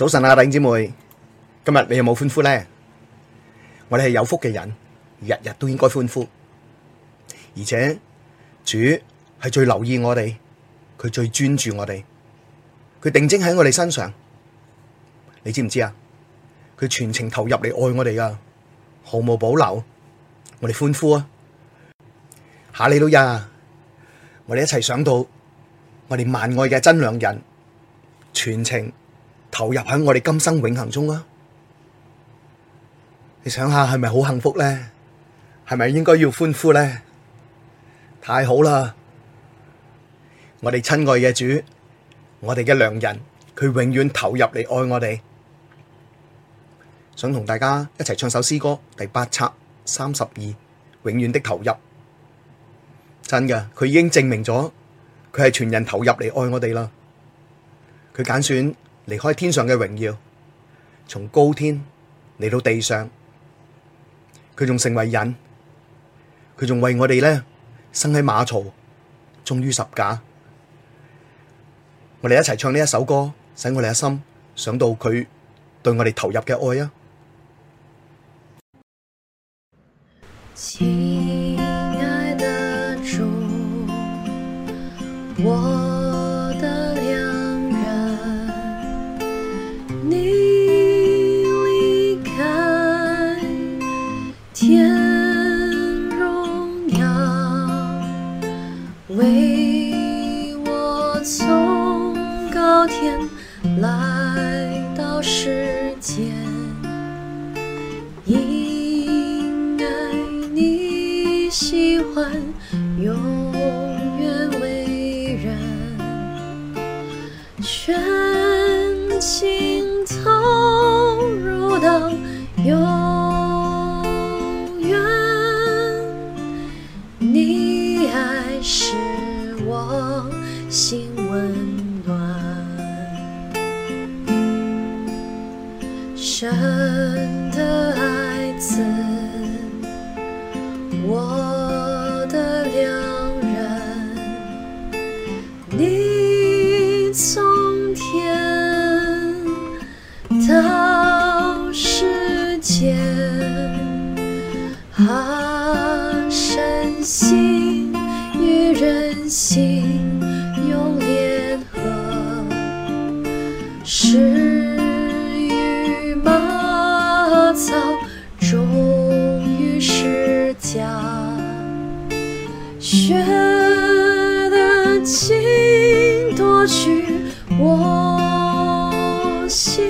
早晨啊，弟兄姊妹，今日你有冇歡呼咧？我哋係有福嘅人，日日都應該歡呼。而且主係最留意我哋，佢最專注我哋，佢定睛喺我哋身上。你知唔知啊？佢全程投入嚟愛我哋噶，毫無保留。我哋歡呼啊！哈利路亞，我哋一齊想到我哋萬愛嘅真良人，全程，投入喺我哋今生永恒中啊！你想下係咪好幸福咧？係咪應該要歡呼咧？太好啦！我哋親愛嘅主，我哋嘅良人，佢永遠投入嚟愛我哋。想同大家一齊唱首詩歌，第八冊三十二，永遠的投入。真嘅，佢已經證明咗，佢係全人投入嚟愛我哋啦。佢揀選。離開天上嘅榮耀，從高天嚟到地上，佢仲成為人，佢仲為我哋呢生喺馬槽，終於十架。我哋一齊唱呢一首歌，使我哋一心想到佢對我哋投入嘅愛啊！親愛的主，我。真的愛子。我心。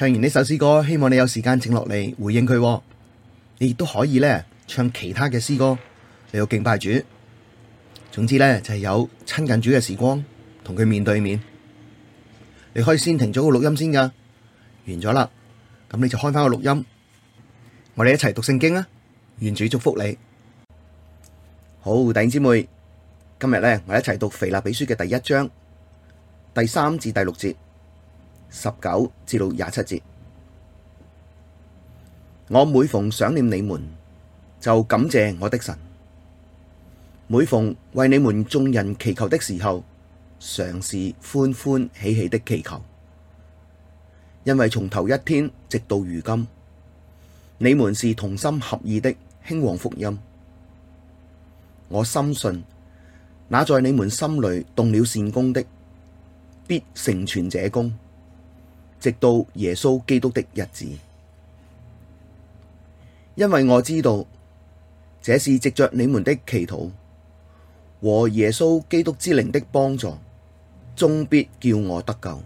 唱完呢首詩歌，希望你有時間靜落嚟回應佢。你亦都可以咧，唱其他嘅詩歌，你要敬拜主。總之咧，就係有親近主嘅時光，同佢面對面。你可以先停咗個錄音先噶，完咗啦，咁你就開翻個錄音。我哋一齊讀聖經啊！願主祝福你。好，弟兄姊妹，今日咧，我一齊讀腓立比書嘅第一章第三至第六節。十九至六廿七節，我每逢想念你們，就感謝我的神。每逢為你們眾人祈求的時候，常是歡歡喜喜的祈求，因為從頭一天直到如今，你們是同心合意的興旺福音。我深信那在你們心裡動了善工的，必成全這工。直到耶穌基督的日子，因為我知道這是藉着你們的祈禱和耶穌基督之靈的幫助，終必叫我得救。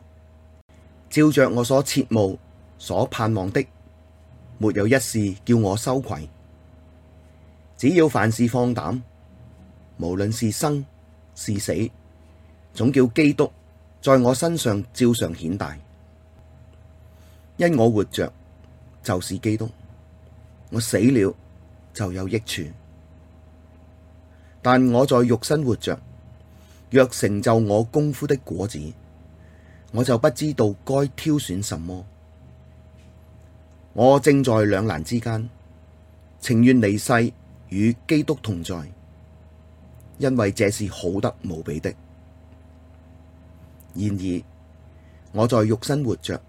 照着我所切慕、所盼望的，沒有一事叫我羞愧。只要凡事放膽，無論是生是死，總叫基督在我身上照常顯大。因我活着就是基督，我死了就有益處。但我在肉身活着，若成就我工夫的果子，我就不知道該挑選什麼。我正在兩難之間，情願離世與基督同在，因為這是好得無比的。然而我在肉身活着，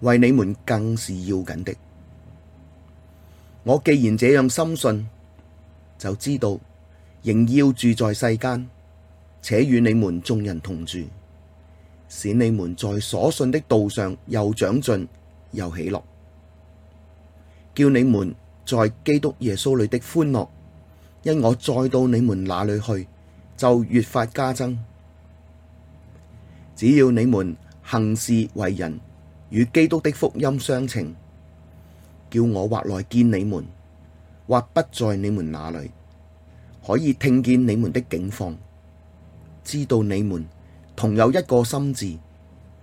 為你們更是要緊的。我既然這樣深信，就知道仍要住在世間，且與你們眾人同住，使你們在所信的道上又長進又喜樂，叫你們在基督耶穌裡的歡樂，因我再到你們那裡去，就越發加增。只要你們行事為人與基督的福音相稱，叫我或來見你們，或不在你們那裏，可以聽見你們的景況，知道你們同有一個心志，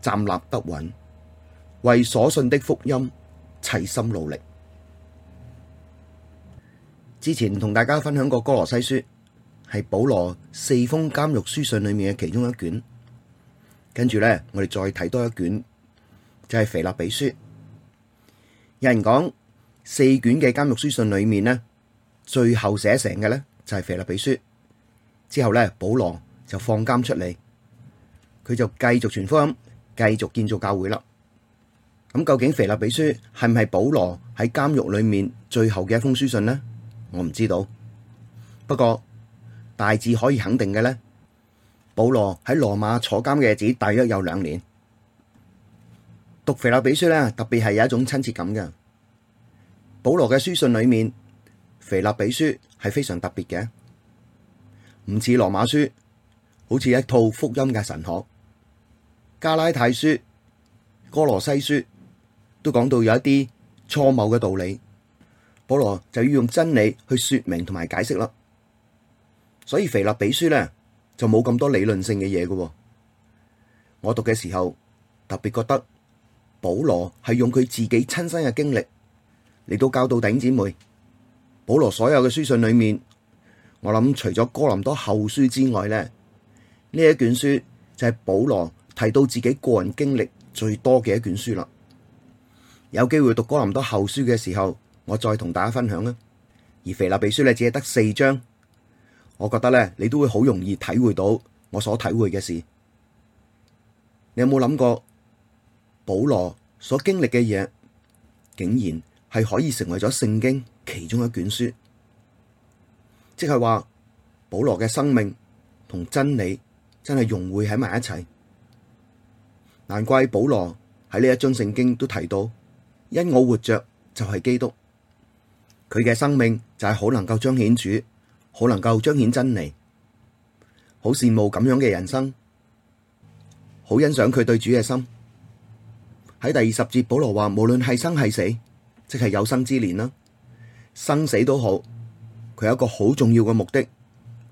站立得穩，為所信的福音，齊心努力。之前同大家分享過《哥羅西書》，係保羅四封監獄書信裏面嘅其中一卷，跟住呢，我哋再睇多一卷。就係腓立比書，有人講四卷嘅監獄書信裏面呢，最後寫成嘅呢就係腓立比書，之後呢，保羅就放監出嚟，佢就繼續傳福音，繼續建造教會啦。咁究竟腓立比書係唔係保羅喺監獄裏面最後嘅一封書信呢？我唔知道，不過大致可以肯定嘅呢，保羅喺羅馬坐監嘅日子大約有兩年。讀腓立比書咧，特別係有一種親切感嘅。保羅嘅書信裡面，腓立比書係非常特別嘅，唔似羅馬書，好似一套福音嘅神學。加拉太書、哥羅西書都講到有一啲錯謬嘅道理，保羅就要用真理去說明同埋解釋啦。所以腓立比書咧就冇咁多理論性嘅嘢嘅。我讀嘅時候特別覺得。保羅係用佢自己親身嘅經歷嚟到教導弟兄姊妹。保羅所有嘅書信裏面，我諗除咗哥林多後書之外咧，呢一卷書就係保羅提到自己個人經歷最多嘅一卷書啦。有機會讀哥林多後書嘅時候，我再同大家分享啦。而腓立比書咧，只係得四章，我覺得咧，你都會好容易體會到我所體會嘅事。你有冇諗過？保羅所經歷嘅嘢，竟然係可以成為咗聖經其中一卷書，即係話保羅嘅生命同真理真係融匯喺埋一齊。難怪保羅喺呢一章聖經都提到：因我活着就係基督，佢嘅生命就係好能夠彰顯主，好能夠彰顯真理，好羨慕咁樣嘅人生，好欣賞佢對主嘅心。喺第二十節，保羅話，無論係生係死，即係有生之年啦，生死都好，佢有一個好重要嘅目的，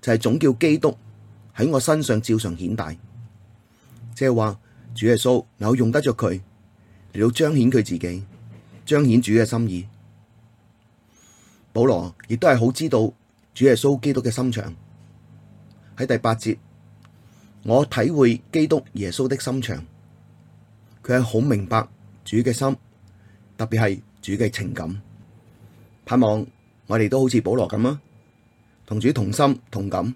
就係、是、總叫基督喺我身上照常顯大，即係話主耶穌能我用得着佢嚟到彰顯佢自己，彰顯主嘅心意。保羅亦都係好知道主耶穌基督嘅心腸。喺第八節，我體會基督耶穌的心腸。佢係好明白主嘅心，特別係主嘅情感。盼望我哋都好似保羅咁啊，同主同心同感。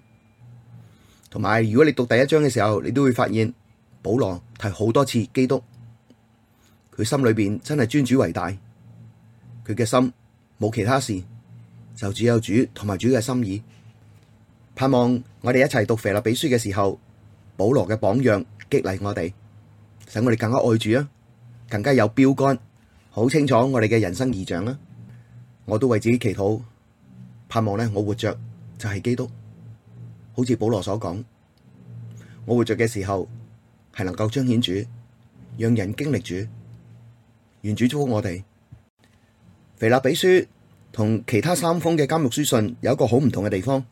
同埋，如果你讀第一章嘅時候，你都會發現保羅提好多次基督，佢心裏邊真係尊主為大，佢嘅心冇其他事，就只有主同埋主嘅心意。盼望我哋一齊讀腓立比書嘅時候，保羅嘅榜樣激勵我哋。使我哋更加愛主，啊，更加有標杆，好清楚我哋嘅人生意象啦。我都為自己祈禱，盼望咧我活着就係基督，好似保羅所講，我活着嘅時候係能夠彰顯主，讓人經歷主。願主祝福我哋。腓立比書同其他三封嘅監獄書信有一個好唔同嘅地方，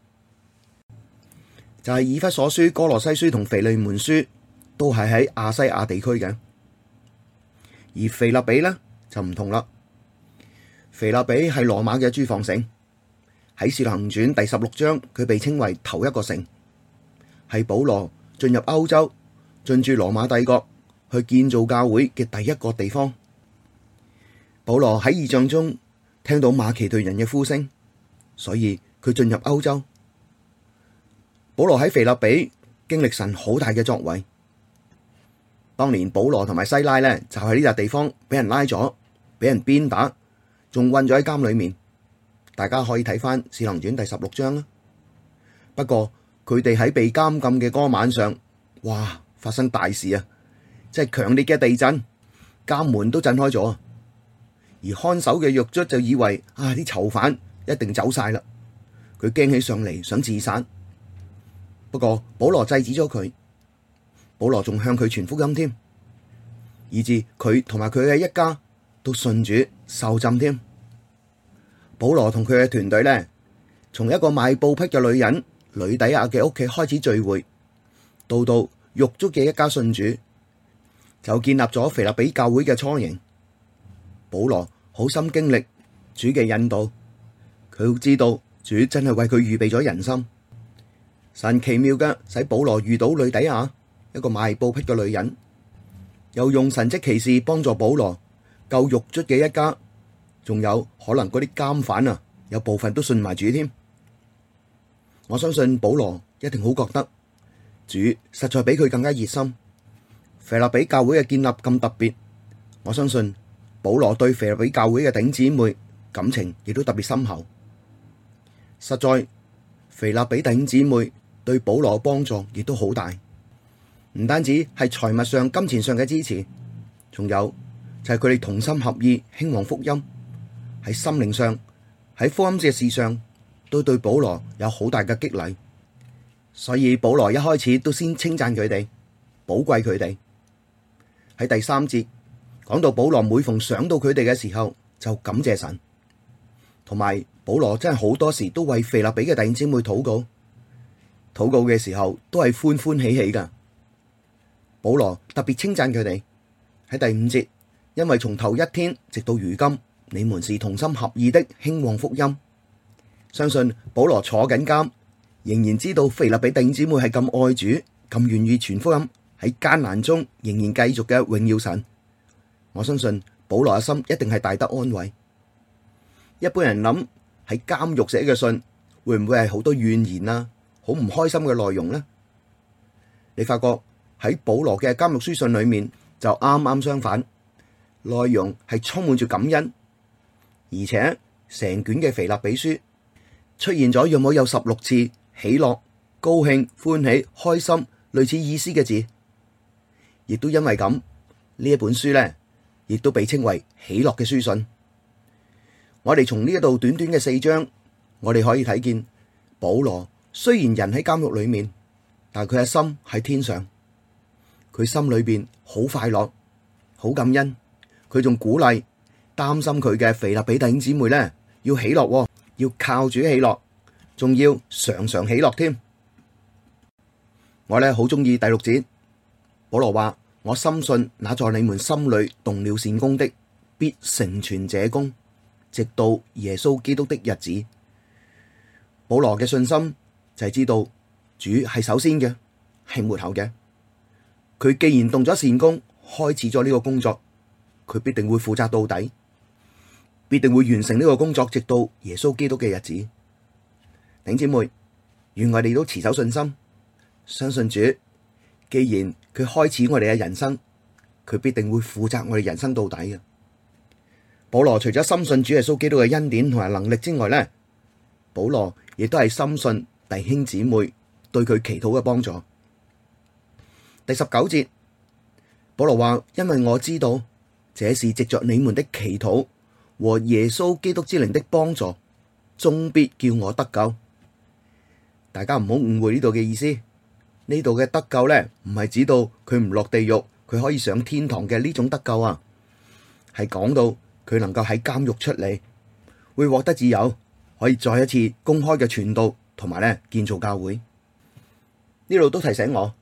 就係、是、以弗所書、哥羅西書同腓利門書。都係喺亞西亞地區嘅，而腓立比呢就唔同啦。腓立比係羅馬嘅駐防城，喺《使徒行傳》第十六章，佢被稱為頭一個城，係保羅進入歐洲進駐羅馬帝國去建造教會嘅第一個地方。保羅喺異象中聽到馬其頓人嘅呼聲，所以佢進入歐洲。保羅喺腓立比經歷神好大嘅作為。當年保羅同埋西拉咧，就喺呢笪地方俾人拉咗，俾人鞭打，仲困咗喺監裏面。大家可以睇翻《使徒行傳》第十六章啦。不過佢哋喺被監禁嘅嗰晚上，哇！發生大事啊，即係強烈嘅地震，監門都震開咗。而看守嘅獄卒就以為啊，啲囚犯一定走晒啦，佢驚起上嚟，想自殺。不過保羅制止咗佢。保羅仲向佢傳福音添，以至佢同埋佢嘅一家都信主受浸添。保羅同佢嘅團隊呢，從一個賣布匹嘅女人呂底亞嘅屋企開始聚會，到到獄卒嘅一家信主，就建立咗腓立比教會嘅雛形。保羅好深經歷主嘅引導，佢知道主真係為佢預備咗人心。神奇妙嘅使保羅遇到呂底亞，一個賣布匹嘅女人，又用神跡奇事幫助保羅救獄卒嘅一家，仲有可能嗰啲監犯啊，有部分都信埋主添。我相信保羅一定好覺得主實在比佢更加熱心。腓立比教會嘅建立咁特別，我相信保羅對腓立比教會嘅頂姊妹感情亦都特別深厚。實在腓立比頂姊妹對保羅嘅幫助亦都好大。唔單止係財物上、金錢上嘅支持，仲有就係佢哋同心合意興旺福音，喺心靈上，喺福音嘅事上都對保羅有好大嘅激勵。所以保羅一開始都先稱讚佢哋，寶貴佢哋，喺第三節講到保羅每逢想到佢哋嘅時候就感謝神，同埋保羅真係好多時都為腓立比嘅弟兄姊妹禱告，禱告嘅時候都係歡歡喜喜噶。保羅特別稱讚佢哋喺第五節，因為從頭一天直到如今，你們是同心合意的興旺福音。相信保羅坐緊監，仍然知道腓立比弟兄姊妹係咁愛主，咁願意傳福音喺艱難中，仍然繼續嘅榮耀神。我相信保羅嘅心一定係大得安慰。一般人諗喺監獄寫嘅信，會唔會係好多怨言啊，好唔開心嘅內容呢？你發覺？喺保羅嘅監獄書信裏面就啱啱相反，內容係充滿住感恩，而且成卷嘅腓立比書出現咗，有冇有十六次喜樂、高興、歡喜、開心類似意思嘅字，亦都因為咁呢一本書呢，亦都被稱為喜樂嘅書信。我哋從呢一度短短嘅四章，我哋可以睇見保羅雖然人喺監獄裏面，但佢嘅心喺天上。佢心裏邊好快樂，好感恩。佢仲鼓勵擔心佢嘅腓立比弟兄姊妹咧，要喜樂，要靠主喜樂，仲要常常喜樂添。我咧好鍾意第六節，保羅話：我深信那在你們心裏動了善工的，必成全這工，直到耶穌基督的日子。保羅嘅信心就係知道主係首先嘅，係末後嘅。佢既然動咗善工，開始咗呢個工作，佢必定會負責到底，必定會完成呢個工作，直到耶穌基督嘅日子。弟兄姊妹，願我哋都持守信心，相信主。既然佢開始我哋嘅人生，佢必定會負責我哋人生到底啊！保羅除咗深信主耶穌基督嘅恩典同埋能力之外咧，保羅亦都係深信弟兄姊妹對佢祈禱嘅幫助。第十九節，保羅話：，因為我知道，這事藉着你們的祈禱和耶穌基督之靈的幫助，終必叫我得救。大家唔好誤會呢度嘅意思，呢度嘅得救呢，唔係指到佢唔落地獄，佢可以上天堂嘅呢種得救啊，係講到佢能夠喺監獄出嚟，會獲得自由，可以再一次公開嘅傳道，同埋咧建造教會。呢度都提醒我。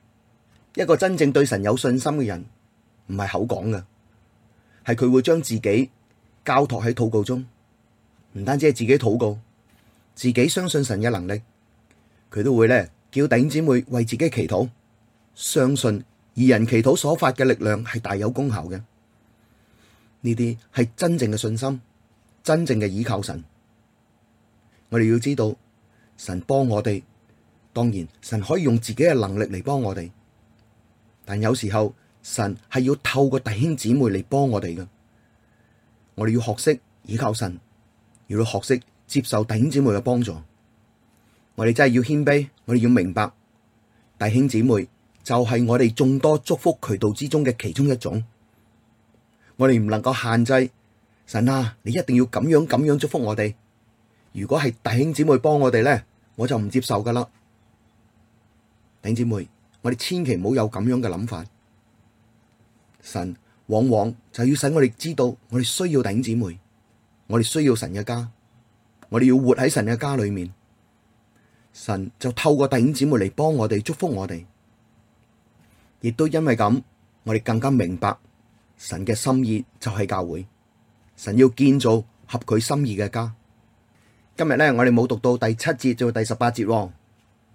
一個真正對神有信心嘅人，唔係口講嘅，係佢會將自己交託喺禱告中。唔單止係自己禱告，自己相信神嘅能力，佢都會咧叫弟兄姊妹為自己祈禱，相信二人祈禱所發嘅力量係大有功效嘅。呢啲係真正嘅信心，真正嘅倚靠神。我哋要知道神幫我哋，當然神可以用自己嘅能力嚟幫我哋。但有時候神係要透過弟兄姊妹嚟幫我哋噶我哋要學識倚靠神要學識接受弟兄姊妹嘅幫助。我哋真係要謙卑，我哋要明白弟兄姊妹就係我哋眾多祝福渠道之中嘅其中一種。我哋唔能夠限制神啊！你一定要咁樣咁樣祝福我哋。如果係弟兄姊妹幫我哋呢，我就唔接受噶啦。弟兄姊妹。我哋千祈唔好有咁樣嘅諗法，神往往就要使我哋知道，我哋需要弟兄姊妹，我哋需要神嘅家，我哋要活喺神嘅家裏面，神就透過弟兄姊妹嚟幫我哋、祝福我哋，亦都因為咁，我哋更加明白神嘅心意就係教會，神要建造合佢心意嘅家。今日咧，我哋冇讀到第七節到第十八節，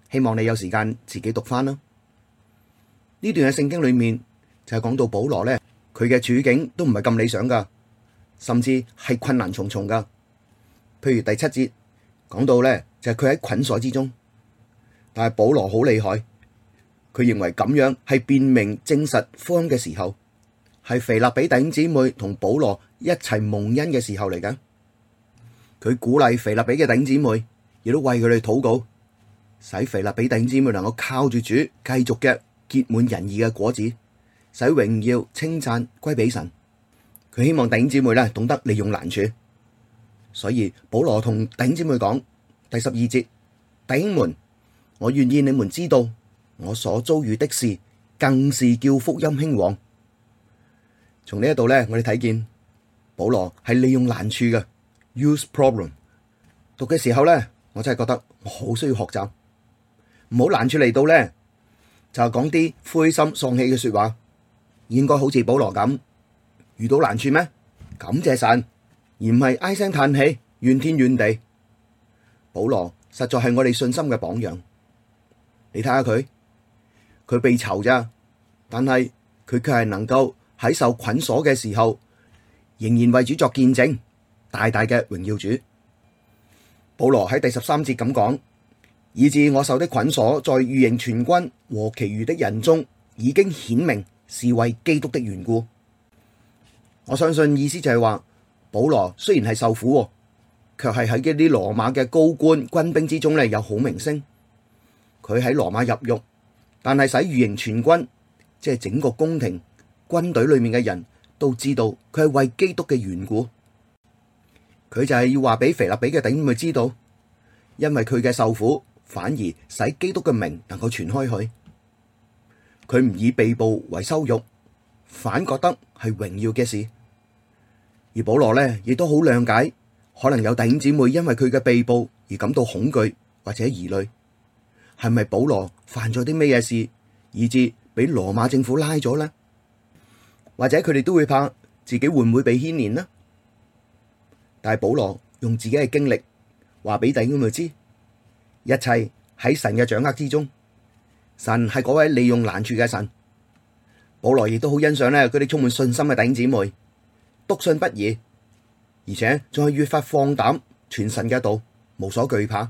希望你有時間自己讀翻啦。呢段嘅聖經裏面就係、是、講到保羅呢，佢嘅處境都唔係咁理想噶，甚至係困難重重噶。譬如第七節講到呢，就係佢喺捆鎖之中，但係保羅好厲害，佢認為咁樣係辯明證實福音嘅時候，係腓立比弟兄姊妹同保羅一齊蒙恩嘅時候嚟嘅。佢鼓勵腓立比嘅弟兄姊妹，亦都為佢哋禱告，使腓立比弟兄姊妹能夠靠住主繼續嘅。結滿仁義嘅果子，使榮耀稱讚歸俾神。佢希望弟兄姊妹咧，懂得利用難處，所以保羅同弟兄姊妹講第十二節：弟兄們，我願意你們知道我所遭遇的事，更是叫福音興旺。從呢一度咧，我哋睇見保羅係利用難處嘅。Use problem。讀嘅時候咧，我真係覺得我好需要學習，唔好難處嚟到咧。就係講啲灰心喪氣嘅說話，應該好似保羅咁遇到難處咩？感謝神，而唔係唉聲嘆氣怨天怨地。保羅實在係我哋信心嘅榜樣。你睇下佢，佢被囚咋，但係佢卻係能夠喺受捆鎖嘅時候，仍然為主作見證，大大嘅榮耀主。保羅喺第十三節咁講。以至我受的捆鎖，在御營全軍和其餘的人中，已經顯明是為基督的緣故。我相信意思就係話，保羅雖然係受苦，哦，却係喺一啲羅馬嘅高官軍兵之中咧有好名聲。佢喺羅馬入獄，但係使御營全軍，即係整個宮廷軍隊裏面嘅人都知道佢係為基督嘅緣故。佢就係要話俾腓立比嘅頂佢知道，因為佢嘅受苦，反而使基督嘅名能夠傳開去，佢唔以被捕為羞辱，反覺得係榮耀嘅事。而保羅呢，亦都好諒解，可能有弟兄姊妹因為佢嘅被捕而感到恐懼或者疑慮，係咪保羅犯咗啲咩嘢事，以致俾羅馬政府拉咗呢？或者佢哋都會怕自己會唔會被牽連呢？但係保羅用自己嘅經歷話俾弟兄姊妹知。一切喺神嘅掌握之中，神係嗰位利用難處嘅神。保羅亦都好欣賞咧，佢哋充滿信心嘅弟兄姊妹，篤信不疑，而且仲係越發放膽傳神嘅道，無所懼怕。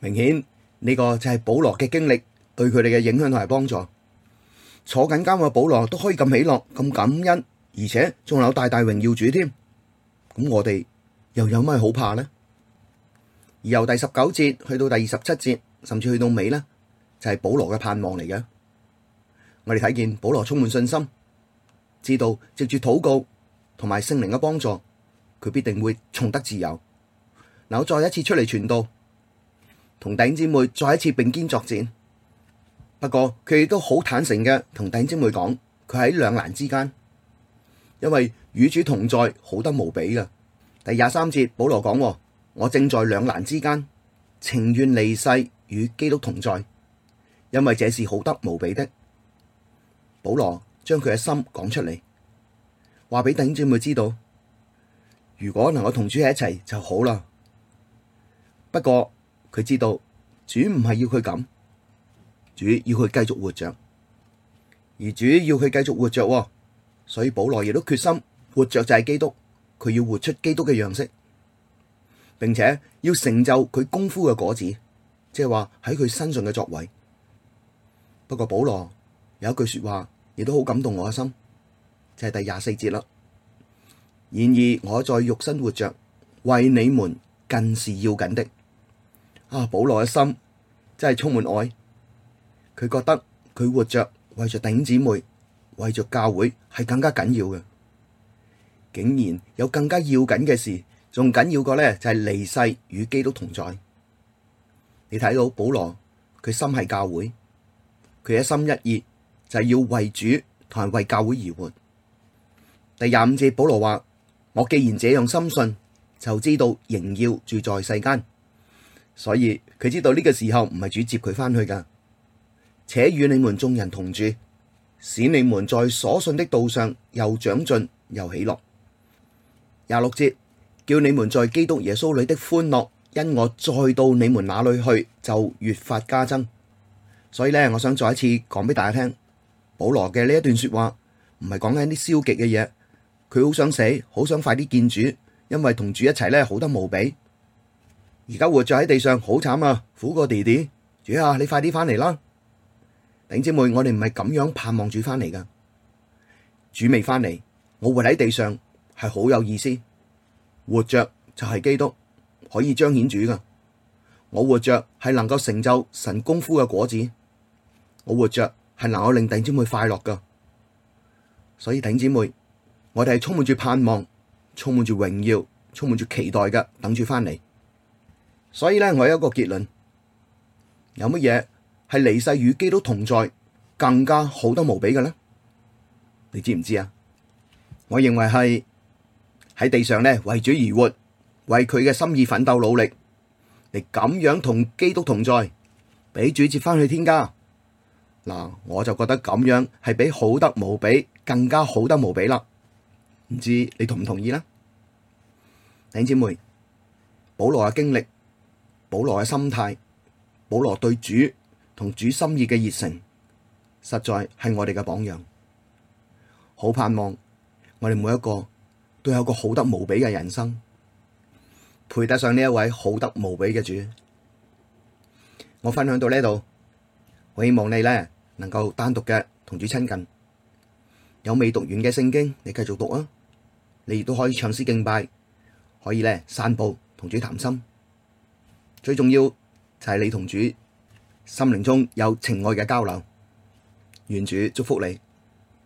明顯呢個就係保羅嘅經歷對佢哋嘅影響同埋幫助。坐緊監嘅保羅都可以咁喜樂、咁感恩，而且仲有大大榮耀主添。咁我哋又有咩好怕咧？而由第十九節去到第二十七節，甚至去到尾呢，就係、是、保羅嘅盼望嚟嘅。我哋睇見保羅充滿信心，知道藉住禱告同埋聖靈嘅幫助，佢必定會重得自由。然後我再一次出嚟傳道，同弟兄姊妹再一次並肩作戰。不過佢亦都好坦誠嘅，同弟兄姊妹講，佢喺兩難之間，因為與主同在好得無比嘅。第廿三節保羅講。我正在兩難之間，情願離世與基督同在，因為這是好得無比的。保羅將佢嘅心講出嚟，話俾弟兄姐妹知道：如果能夠同主喺一齊就好啦。不過佢知道主唔係要佢咁，主要佢繼續活着，而主要佢繼續活着，所以保羅亦都決心活着就係基督，佢要活出基督嘅樣式。並且要成就佢功夫嘅果子，即係話喺佢身上嘅作為。不過保羅有一句說話，亦都好感動我嘅心，就係、是、第廿四節啦。然而我在肉身活着，為你們更是要緊的。啊，保羅嘅心真係充滿愛，佢覺得佢活着為着弟兄姊妹，為着教會係更加緊要嘅，竟然有更加要緊嘅事。仲緊要過咧，就係離世與基督同在。你睇到保羅佢心係教會，佢一心一意就係要為主同為教會而活。第廿五節保羅話：我既然這樣深信，就知道仍要住在世間，所以佢知道呢個時候唔係主接佢翻去噶，且與你們眾人同住，使你們在所信的道上又長進又喜樂。廿六節。叫你們在基督耶穌裏的歡樂，因我再到你們那裏去，就越發加增。所以呢，我想再一次講俾大家聽，保羅嘅呢一段說話唔係講緊啲消極嘅嘢，佢好想死，好想快啲見主，因為同主一齊呢，好得無比。而家活着喺地上好慘啊，苦過弟弟。主啊，你快啲翻嚟啦！弟兄姊妹，我哋唔係咁樣盼望主翻嚟噶。主未翻嚟，我活喺地上係好有意思。活着就係基督，可以彰顯主噶。我活着係能夠成就神功夫嘅果子，我活着係能夠令弟兄妹快樂噶。所以弟兄姊妹，我哋係充滿住盼望，充滿住榮耀，充滿住期待嘅，等住翻嚟。所以咧，我有一個結論，有乜嘢係離世與基督同在更加好得無比嘅咧？你知唔知啊？我認為係。喺地上咧，為主而活，為佢嘅心意奮鬥努力，嚟，咁樣同基督同在，俾主接翻去天家。嗱，我就覺得咁樣係比好得無比，更加好得無比啦。唔知你同唔同意呢？弟兄姊妹，保羅嘅經歷，保羅嘅心態，保羅對主同主心意嘅熱誠，實在係我哋嘅榜樣。好盼望我哋每一個。都有個好得無比嘅人生，配得上呢一位好得無比嘅主。我分享到呢度，我希望你呢能夠單獨嘅同主親近，有未讀完嘅聖經，你繼續讀啊，你亦都可以唱詩敬拜，可以呢散步同主談心，最重要就係你同主心靈中有情愛嘅交流。願主祝福你。